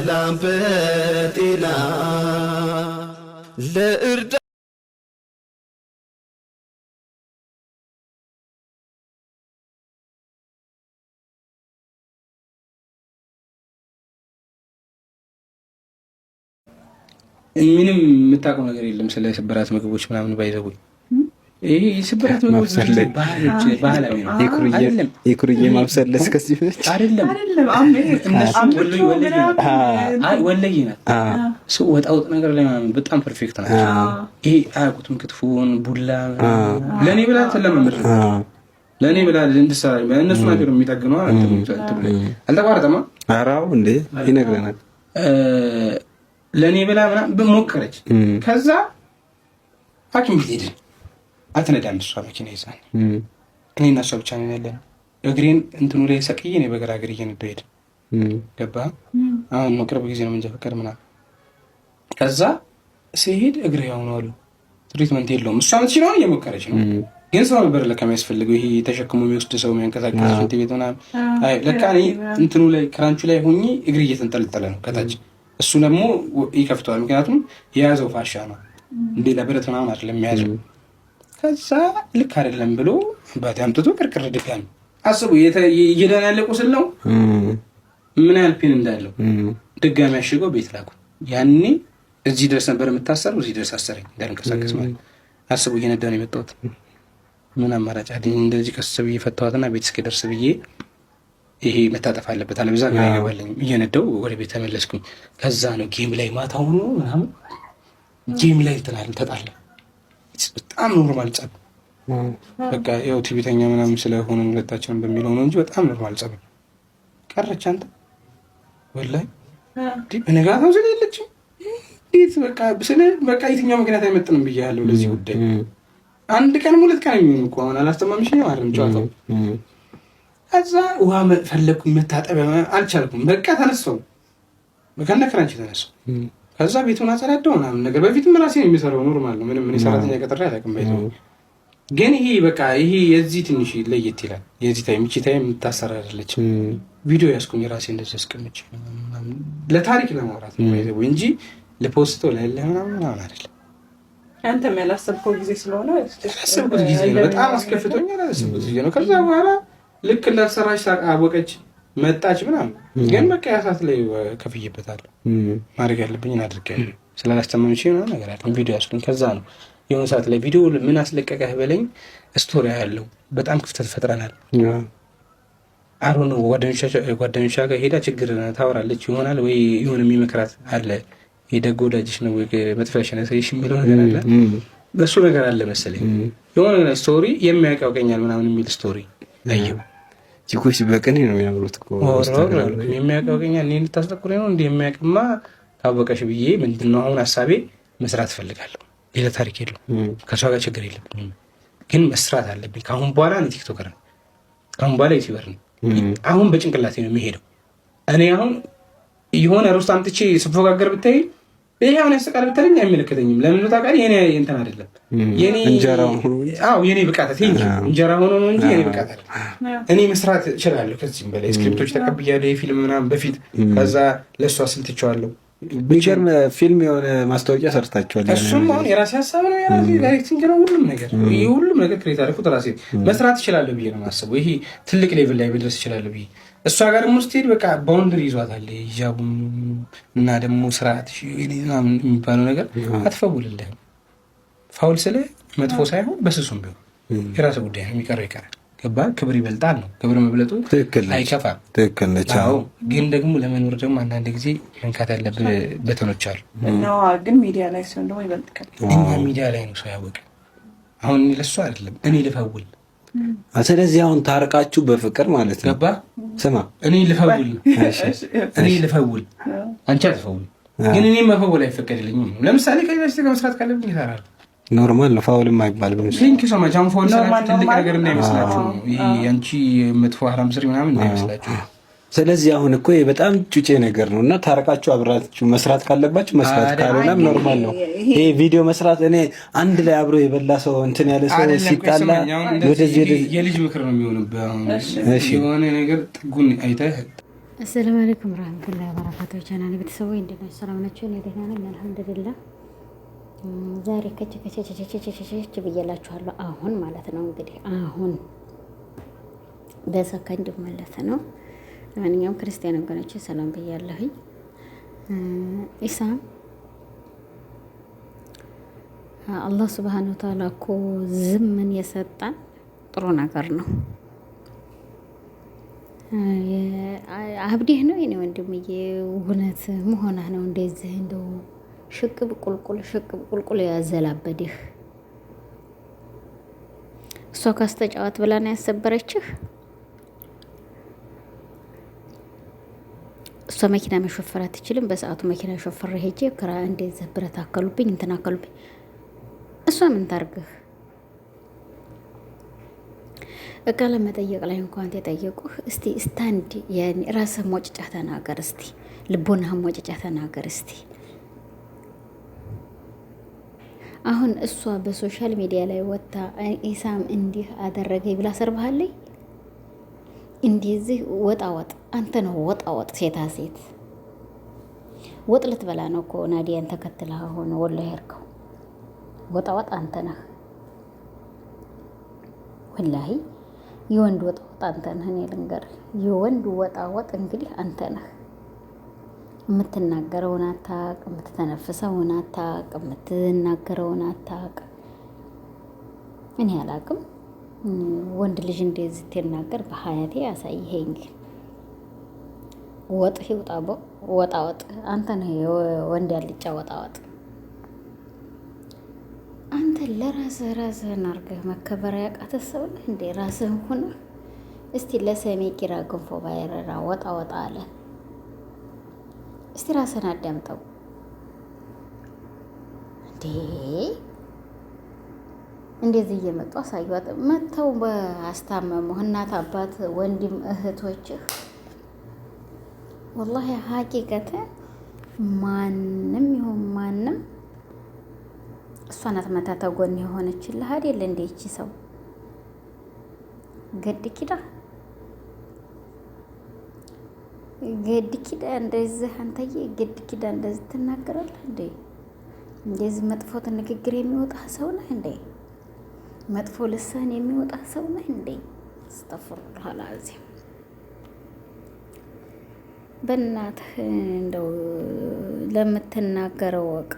በሰላም በጤና ለእርዳ ምንም የምታውቀው ነገር የለም ስለ ስብራት ምግቦች ምናምን ባይዘቡኝ ስብራት የኩርዬ ማብሰል እስከዚህ ነች። ወለይ ናት። ወጣ ነገር ላይ ምናምን በጣም ፐርፌክት ናቸው። ይሄ አያውቁትም። ክትፎን ቡላ ለእኔ ብላ ለመምር ለእኔ ብላ እንድሰራ እነሱ ናቸው የሚጠግነዋ። አልተቋረጠማ። አራው እንዴ ይነግረናል። ለእኔ ብላ ሞከረች። ከዛ ሐኪም ቤት ሄድን አትነዳም እሷ መኪና ይዛ። እኔና እሷ ብቻ ነን ያለን። እግሬን እንትኑ ላይ ሰቅዬ እኔ በግራ እግር እየነዳ ሄድ ገባ። አሁን ነው ቅርብ ጊዜ ነው መንጃ ፈቃድ ምናምን። ከዛ ሲሄድ እግር ያው ነው አሉ። ትሪትመንት የለውም እሷ ምትችል ሆን እየሞከረች ነው ግን ሰው ነበር ለካ የሚያስፈልገው ይሄ ተሸክሞ የሚወስድ ሰው የሚያንቀሳቀስ ሽንት ቤት ምናምን። ለካ እኔ እንትኑ ላይ ክራንቹ ላይ ሆኜ እግር እየተንጠለጠለ ነው ከታች። እሱ ደግሞ ይከፍተዋል፣ ምክንያቱም የያዘው ፋሻ ነው እንዴ ለብረት ምናምን አይደለም የያዘው ከዛ ልክ አይደለም ብሎ በዳምጥቶ ቅርቅር ድጋሚ አስቡ። እየደና ያለ ቁስል ነው። ምን ያህል ፔን እንዳለው ድጋሚ አሽገው ቤት ላኩ። ያኔ እዚህ ድረስ ነበር የምታሰሩ፣ እዚህ ድረስ አሰረኝ እንዳልንቀሳቀስ ማለት አስቡ። እየነዳ ነው የመጣሁት። ምን አማራጭ አለኝ? እንደዚህ ቀስ ብዬ ፈታኋትና ቤት እስኪደርስ ብዬ ይሄ መታጠፍ አለበት አለብዛ ይገባለኝ እየነደው ወደ ቤት ተመለስኩኝ። ከዛ ነው ጌም ላይ ማታ ሆኖ ምናምን ጌም ላይ ትናል ተጣላ በጣም ኖርማል ጸብ፣ በቃ ያው ቲቪተኛ ምናምን ስለሆነ ሁለታችንም በሚለው ነው እንጂ በጣም ኖርማል ጸብ ቀረች። አንተ ወላሂ በነጋታው ስለ የለች እንዴት በቃ ስለ በቃ የትኛው ምክንያት አይመጥንም ብያለሁ ለዚህ ጉዳይ አንድ ቀን ሁለት ቀን የሚሆን እኮ አሁን አላስተማምሽ ነው ጨዋታው ከዛ ውሃ ፈለግኩ መታጠቢያ አልቻልኩም። በቃ ተነሳው ከነክራንች ተነሳው ከዛ ቤቱን አጸዳደው ምናምን ነገር በፊትም ራሴ ነው የሚሰራው። ኖርማል ነው። ምንም እኔ ሰራተኛ ቀጥሬ አላውቅም። ቤቱ ግን ይሄ በቃ ይሄ የዚህ ትንሽ ለየት ይላል። የዚህ ታይም እቺ ታይም የምታሰራ አይደለች። ቪዲዮ ያስኩኝ ራሴ እንደዚህ አስቀምጬ ለታሪክ ለማውራት ነው እንጂ ለፖስቶ ለለ ምናምን አይደለም። አንተም ያላሰብከው ጊዜ ስለሆነ ያላሰብኩት ጊዜ ነው። በጣም አስከፍቶኛል። ያላሰብኩት ጊዜ ነው። ከዛ በኋላ ልክ እንዳልሰራች አወቀች። መጣች ምናምን ግን በቃ ያሳት ላይ ከፍዬበታለሁ። ማድረግ ያለብኝን አድርጌያለሁ። ስላላስተማመች ሆ ነገር አለ ቪዲዮ ያስኩኝ ከዛ ነው። የሆነ ሰዓት ላይ ቪዲዮ ምን አስለቀቀህ በለኝ። ስቶሪ ያለው በጣም ክፍተት ፈጥረናል። አሮን ጓደኞቿ ጋር ሄዳ ችግር ታወራለች ይሆናል ወይ የሆነ የሚመክራት አለ የደጎ ወዳጅሽ ነው መጥፊያሽ ነሰይሽ የሚለው ነገር አለ። በሱ ነገር አለ መሰለኝ የሆነ ስቶሪ የሚያውቅ ያውቀኛል ምናምን የሚል ስቶሪ አየሁ ቺኮች በቅኔ ነው የሚያምሩት። የሚያቀኛ እኔን ልታስጠቁሪ ነው እንዲ የሚያቅማ ታወቀሽ ብዬ ምንድነው አሁን ሀሳቤ መስራት እፈልጋለሁ። ሌላ ታሪክ የለም። ከእሷ ጋር ችግር የለብኝም፣ ግን መስራት አለብኝ። ከአሁን በኋላ እኔ ቲክቶከር ነው፣ ከአሁን በኋላ ዩቲበር ነው። አሁን በጭንቅላቴ ነው የሚሄደው። እኔ አሁን የሆነ ሮስት አምጥቼ ስፎጋገር ብታይ ይሄ አሁን ያስቃል ብትለኝ አይመለከተኝም። ለምን ነው ታውቃለህ? የኔ እንትን አይደለም የኔ ብቃት እንጀራ ሆኖ ነው እንጂ የኔ ብቃት አይደለም። እኔ መስራት እችላለሁ ከዚህም በላይ ስክሪፕቶች ተቀብያለሁ፣ የፊልም ምናምን በፊት ከዛ ለእሷ አስልትቸዋለሁ። ሚገርም ፊልም የሆነ ማስታወቂያ ሰርታቸዋል። እሱም አሁን የራሴ ሀሳብ ነው የራሴ ዳይሬክቲንግ ነው ሁሉም ነገር ይህ ሁሉም ነገር ክሬት አደረኩት ራሴ መስራት እችላለሁ ብዬ ነው የማስበው። ይሄ ትልቅ ሌቭል ላይ መድረስ እችላለሁ ብዬ እሷ ጋር ደግሞ ስትሄድ በቃ ባውንድሪ ይዟታል። ሂጃቡ እና ደግሞ ስርዓት የሚባለው ነገር አትፈውልልህም። ፋውል ስለ መጥፎ ሳይሆን በስሱም ቢሆን የራሱ ጉዳይ ነው። የሚቀረው ይቀራል። ገባ ክብር ይበልጣል ነው። ክብር መብለጡ አይከፋም። ትክክል ነች። ግን ደግሞ ለመኖር ደግሞ አንዳንድ ጊዜ መንካት ያለብህ በተኖች አሉ። ግን ሚዲያ ላይ ሲሆን ደግሞ ይበልጥ ሚዲያ ላይ ነው ሰው ያወቀ። አሁን ለሱ አይደለም እኔ ልፈውል ስለዚህ አሁን ታርቃችሁ በፍቅር ማለት ነው። ገባህ? ስማ እኔ ልፈውል እኔ ልፈውል አንቺ አትፈውል። ግን እኔ መፈውል አይፈቀድልኝም። ለምሳሌ ከዩኒቨርሲቲ ጋር መስራት ካለብኝ ይሰራል። ኖርማል ነው። ፋውል የማይባል ንኪ ሰማች። አሁን ፋውል ትልቅ ነገር እንዳይመስላችሁ ነው። ይህ አንቺ መጥፎ ሀራም ስሪ ምናምን እንዳይመስላችሁ ስለዚህ አሁን እኮ በጣም ጩጬ ነገር ነው እና ታረቃችሁ አብራችሁ መስራት ካለባችሁ መስራት፣ ካልሆነ ኖርማል ነው። ይሄ ቪዲዮ መስራት እኔ አንድ ላይ አብሮ የበላ ሰው እንትን ያለ ሰው ሲጣላ ወደዚህ የልጅ ምክር ነው የሚሆንበት። የሆነ ነገር ጥጉን አይተህ። አሰላሙ አለይኩም ረህመቱላሂ ወበረካቱህ። ቻናል ቤተሰቡ እንዴት ናችሁ? ሰላም ናችሁ? እኔ ደህና ነኝ አልሐምዱሊላህ። ዛሬ ከች ከች ብዬላችኋለሁ። አሁን ማለት ነው እንግዲህ አሁን በሰከንድ ማለት ነው ለማንኛውም ክርስቲያን ወገኖች ሰላም ብያለሁኝ። ኢሳም አላህ ስብሓን ወተዓላ እኮ ዝምን የሰጠን ጥሩ ነገር ነው። አብዴህ ነው የኔ ወንድምዬ፣ እውነት መሆና ነው እንደዚህ እንደው ሽቅብ ቁልቁል ሽቅብ ቁልቁል ያዘላበድህ እሷ ካስተጫዋት ብላ ነው ያሰበረችህ። እሷ መኪና መሾፈር አትችልም። በሰዓቱ መኪና ሾፈር ሄጄ ክራ እንደዚህ ብረት አከሉብኝ እንትን አከሉብኝ። እሷ ምን ታርግህ? እቃ ለመጠየቅ ላይ እንኳን የጠየቁህ። እስቲ ስታንድ ራስ ሞጭጫ ተናገር እስቲ፣ ልቦና ሞጭጫ ተናገር እስቲ። አሁን እሷ በሶሻል ሚዲያ ላይ ወጥታ ኢሳም እንዲህ አደረገኝ ብላ ሰርባሃለኝ እንደዚህ ወጣ ወጥ አንተ ነው ወጣ ወጥ ሴታ ሴት ወጥ ልትበላ ነው እኮ ናዲያን ተከትላ ሆነ ወሎ ሄርከው ወጣ ወጥ አንተ ነህ። ወላሂ የወንድ ወጣ ወጥ አንተ ነህ። እኔ ልንገር፣ የወንድ ወጣ ወጥ እንግዲህ አንተ ነህ። የምትናገረውን አታውቅ፣ የምትተነፍሰውን አታውቅ፣ የምትናገረውን አታውቅ። እኔ አላውቅም። ወንድ ልጅ እንደዚህ ስትናገር በሀያቴ ያሳይኸኝ ወጥህ ይውጣ ወጣ ወጥ አንተ ነው ወንድ ያልጫ ወጣ ወጥ አንተ ለራስህ ራስህን አድርገህ መከበር ያቃተ ሰው ነህ እንዴ? ራስህን ሆነ እስቲ ለሰሜ ኪራ ገንፎ ባይረራ ወጣ ወጣ አለ። እስቲ ራስህን አዳምጠው እንዴ! እንደዚህ እየመጡ አሳዩት። መጥተው በአስታመሙ እናት አባት፣ ወንድም እህቶችህ ወላሂ ሀቂቀት ማንም ይሁን ማንም እሷ ናት መታ ተጎን የሆነችልህ አይደል? እንደ ይቺ ሰው ገድ ኪዳ ገድ ኪዳ እንደዚህ አንተዬ ገድ ኪዳ እንደዚህ ትናገራለህ እንዴ? እንደዚህ መጥፎት ንግግር የሚወጣ ሰው ነህ እንዴ? መጥፎ ልሳን የሚወጣ ሰው ነህ እንዴ? አስተፍሩላህ አልዓዚም። በእናትህ እንደው ለምትናገረው ወቅ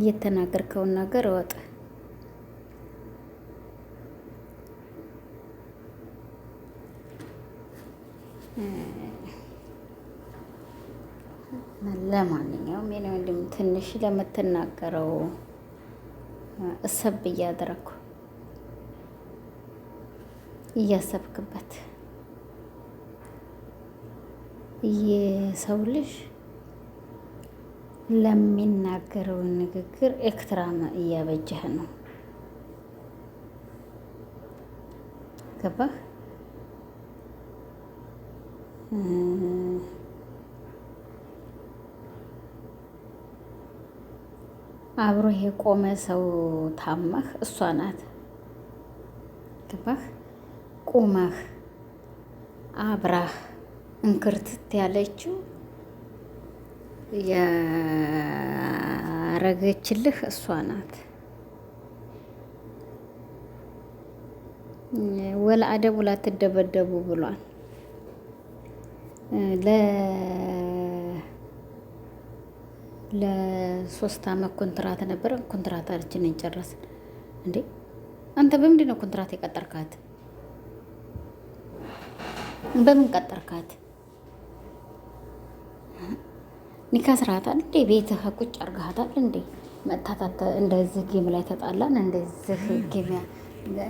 እየተናገርከውን ነገር ወጥ ለማንኛውም የኔ ወንድም ትንሽ ለምትናገረው እሰብ እያደረኩ እያሰብክበት የሰው ልጅ ለሚናገረው ንግግር ኤክትራም እያበጀህ ነው። ገባህ? አብሮህ የቆመ ሰው ታማህ እሷ ናት። ገባህ? ቁመህ አብራህ እንክርትት ያለችው ያረገችልህ እሷ ናት። ወላ አደቡ ላትደበደቡ ብሏል። ለሶስት አመት ኮንትራት ነበረ። ኮንትራት አርጅን እንጨረስን እንዴ! አንተ በምንድን ነው ኮንትራት የቀጠርካት? በምን ቀጠርካት? ኒካ ስርሃታል እንዴ? ቤት ቁጭ አርግሃታል እንዴ? መታታተ እንደዚህ ጌም ላይ ተጣላን፣ እንደዚህ ጌም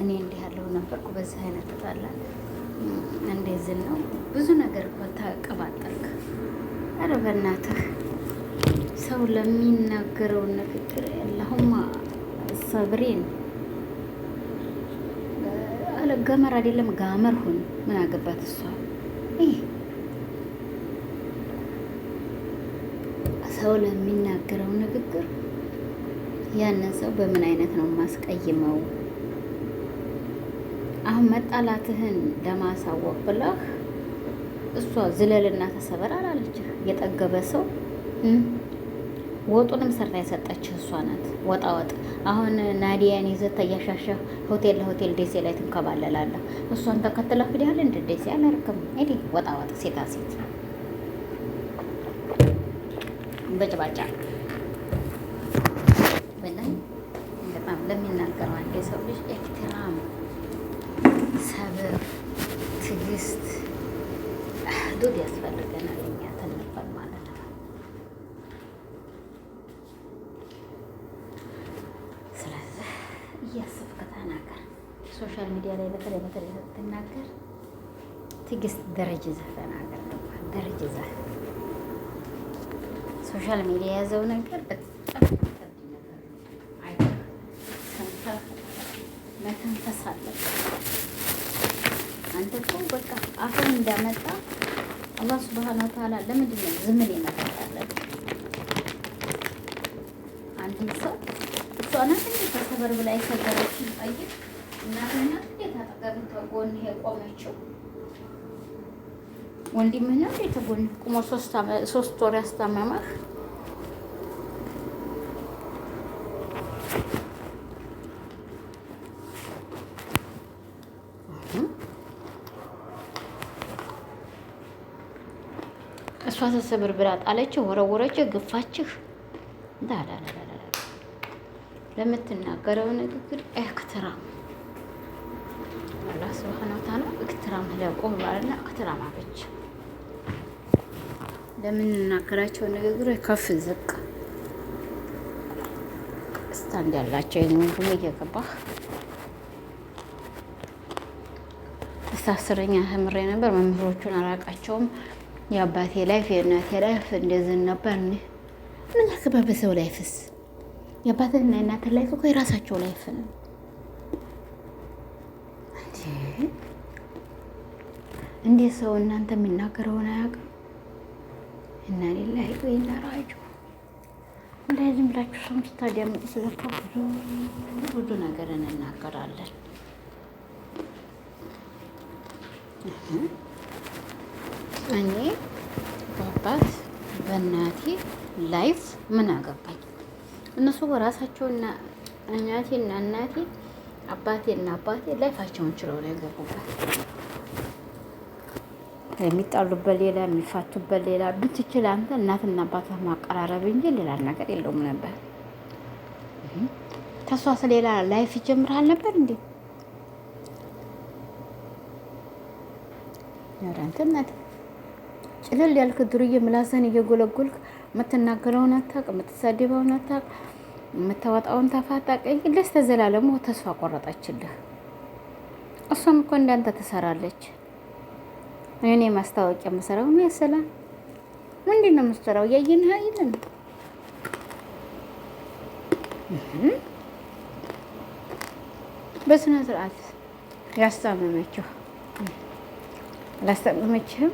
እኔ እንዲህ ያለው ነበርኩ፣ በዚህ አይነት ተጣላን፣ እንደዚህ ነው ብዙ ነገር እኮ ተቀባጠርክ። ኧረ በእናትህ ሰው ለሚናገረው ንግግር ያለሁም ሰብሬን አለ ገመር አይደለም ጋመር ሁን። ምን አገባት እሷ ሰው ለሚናገረው ንግግር ያንን ሰው በምን አይነት ነው ማስቀይመው? አሁን መጣላትህን ለማሳወቅ ብለህ እሷ ዝለልና ተሰበር አላለችህ? የጠገበ ሰው ወጡንም ሰርታ የሰጠችህ እሷ ናት። ወጣ ወጥ አሁን ናዲያን ይዘት እያሻሸህ ሆቴል ለሆቴል ደሴ ላይ ትንከባለላለህ። እሷን ተከትለ ሂዳል። እንደ ደሴ አላርክም እዲ ወጣ ወጥ ሴታ ሴት በጭባጫ በላይ በጣም ለሚናገረው አንድ የሰው ልጅ ኤክትራም፣ ሰብር፣ ትዕግስት ዱድ ያስፈልገናል እኛ ሶሻል ሚዲያ ላይ በተለይ በተለይ ስትናገር ትዕግስት ደረጀ ይዘህ ተናገር። ደረጀ ይዘህ ሶሻል ሚዲያ የያዘው ነገር በጣም መተንፈስ አለ። አንተ እኮ በቃ እንዳመጣ አላህ ሱብሃነሁ ወተዓላ ለምንድን ነው ሰው እሷ ናት እንደ ብላ የሰበረችን ጠይቅ እናትህን ጎንህ የቆመችው ወንድምህ ነው። እንዴት ጎንህ ቁሞ ሶስት ወር ያስታመመህ እሷ ተሰብር ብላ ጣለችህ፣ ወረወረችህ፣ ግፋችህ ዳዳዳ ለምትናገረው ንግግር ኤክትራ ስብሓን ወታላ እክትራም ለቆም ባለና እክትራም አለች። ለምንናገራቸው ንግግር ከፍ ዝቅ ስታንድ ያላቸው የግንጉም እየገባህ አስረኛ ተምሬ ነበር። መምህሮቹን አላውቃቸውም። የአባቴ ላይፍ የእናቴ ላይፍ እንደዝን ነበር። ምን አግባ በሰው ላይፍስ የአባትና የእናቴ ላይፍ እኮ የራሳቸው ላይፍ ነው። እንዴት ሰው እናንተ የሚናገረውን አያውቅም? እና ሌላ ሄዶ ይናራጁ እንደዚህ ብላችሁ ሰው ስታዳምጡ ስለካ ብዙ ብዙ ነገር እንናገራለን። እኔ በአባት በእናቴ ላይፍ ምን አገባኝ? እነሱ በራሳቸውና እናቴና እናቴ አባቴና አባቴ ላይፋቸውን ችለው ነው የገቡበት። የሚጣሉበት ሌላ፣ የሚፋቱበት ሌላ። ብትችል አንተ እናትና አባት ማቀራረብ እንጂ ሌላ ነገር የለውም ነበር። ከሷ ስለሌላ ላይፍ ይጀምራል ነበር እንዴ? ያራንተናት ጭልል ያልክ ዱርዬ ምላሰን እየጎለጎልክ የምትናገረውን አታውቅ፣ የምትሳደበውን አታውቅ፣ የምታወጣውን ደስ ለስተዘላለሙ ተስፋ ቆረጠችልህ። እሷም እኮ እንዳንተ ትሰራለች። እኔ ማስታወቂያ የምሰራው ነው ያሰላ ምንድን ነው የምሰራው? እያየንህ አይደል? በስነ ስርዓት ያስታመመችው አላስታመመችህም።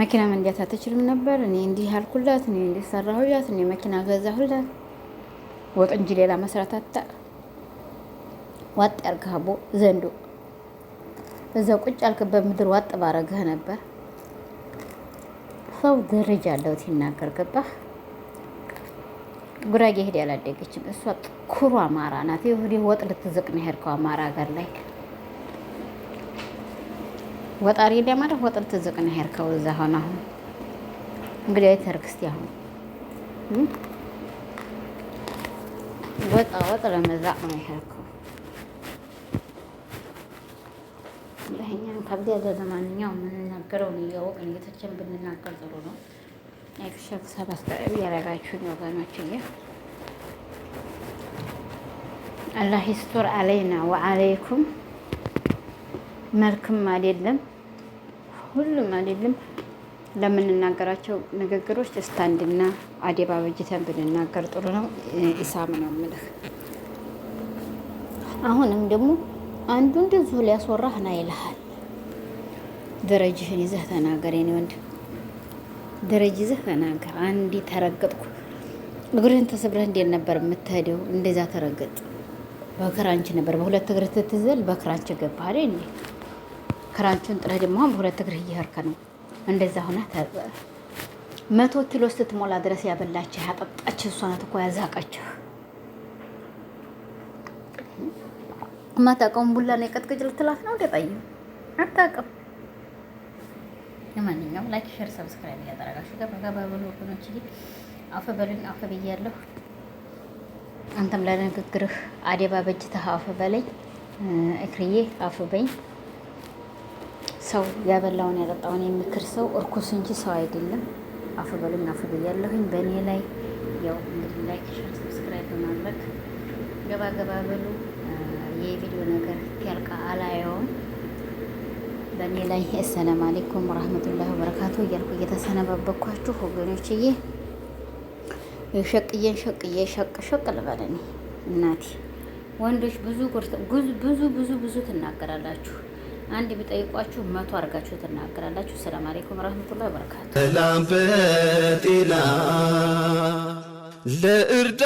መኪና መንዳት አትችልም ነበር። እኔ እንዲህ አልኩላት፣ እኔ እንዲህ ሰራሁላት፣ እኔ መኪና ገዛሁላት። ወጥ እንጂ ሌላ መስራት አታ ዋጥ ያርጋቦ ዘንዶ በዛው ቁጭ አልክበት ምድር ዋጥ ባረገህ ነበር። ሰው ደረጃ አለው ሲናገር ገባህ። ጉራጌ ሄድ ያላደገችም እሷ ኩሩ አማራ ናት። ይሁዲ ወጥ ልትዝቅ ነው ሄድከው አማራ ሀገር ላይ ወጣሪ ለማለት ወጥ ልትዝቅ ነው ሄድከው እዛ ሆነ። አሁን እንግዲህ አይተርክስቲ አሁን ወጣ ወጥ ለመዛቅ ነው ሄድከው ከብት ያለ ለማንኛውም የምንናገረውን እያወቅን ጌታችን ብንናገር ጥሩ ነው። ኤክሸክ ሰበስክራይብ ያደረጋችሁኝ ወገኖች እየ አላህ ይስቱር አለይና ወአለይኩም። መልክም አይደለም ሁሉም አይደለም ለምንናገራቸው ንግግሮች ስታንድና አዴባ በጅተን ብንናገር ጥሩ ነው። ኢሳም ነው የምልህ። አሁንም ደግሞ አንዱ እንደዚሁ ሊያስወራህ ና ይልሃል ደረጅህን ይዘህ ተናገር። የኔ ወንድም ደረጅ ይዘህ ተናገር። አንዴ ተረገጥኩ እግርህን ተሰብረህ እንዴት ነበር የምትሄደው? እንደዛ ተረገጥ በክራንች ነበር በሁለት እግር ትትዘል በክራንች ገባ አይደል እንዴ? ክራንቹን ጥረህ ደግሞ በሁለት እግር እየሄድክ ነው። እንደዛ ሆነህ መቶ ኪሎ ስትሞላ ድረስ ያበላችህ ያጠጣችህ እሷ ናት እኮ ያዛቀችህ። ማታውቀውም ቡላ ነው የቀጥቅጭ ልትላት ነው እንደ ጠይም አታውቅም ለማንኛውም ላይክ፣ ሼር፣ ሰብስክራይብ እያደረጋችሁ ገባ ገባ በሉ ወገኖች። አፈ በሉኝ አፈ ብያለሁ። አንተም ለንግግርህ አደባ በጅተህ አፈ በለኝ እክርዬ አፈ በኝ። ሰው ያበላውን ያጠጣውን የሚክር ሰው እርኩስ እንጂ ሰው አይደለም። አፈ በሉኝ አፈ ብያለሁኝ። በእኔ ላይ ያው እንግዲህ ላይክ፣ ሼር፣ ሰብስክራይብ በማድረግ ገባ ገባ በሉ የቪዲዮ ነገር ያልቃ አላየውም በእኔ ላይ አሰላም አሌይኩም ወረህመቱላህ ወበረካቱ እያልኩ እየተሰነበበኳችሁ ወገኖችዬ ሸቅዬን ሸቅዬ ሸቅ ሸቅ ልበለኝ እናቴ። ወንዶች ብዙ ብዙ ብዙ ብዙ ትናገራላችሁ። አንድ ቢጠይቋችሁ መቶ አድርጋችሁ ትናገራላችሁ። ሰላም አሌይኩም ረህመቱላህ በረካቱ።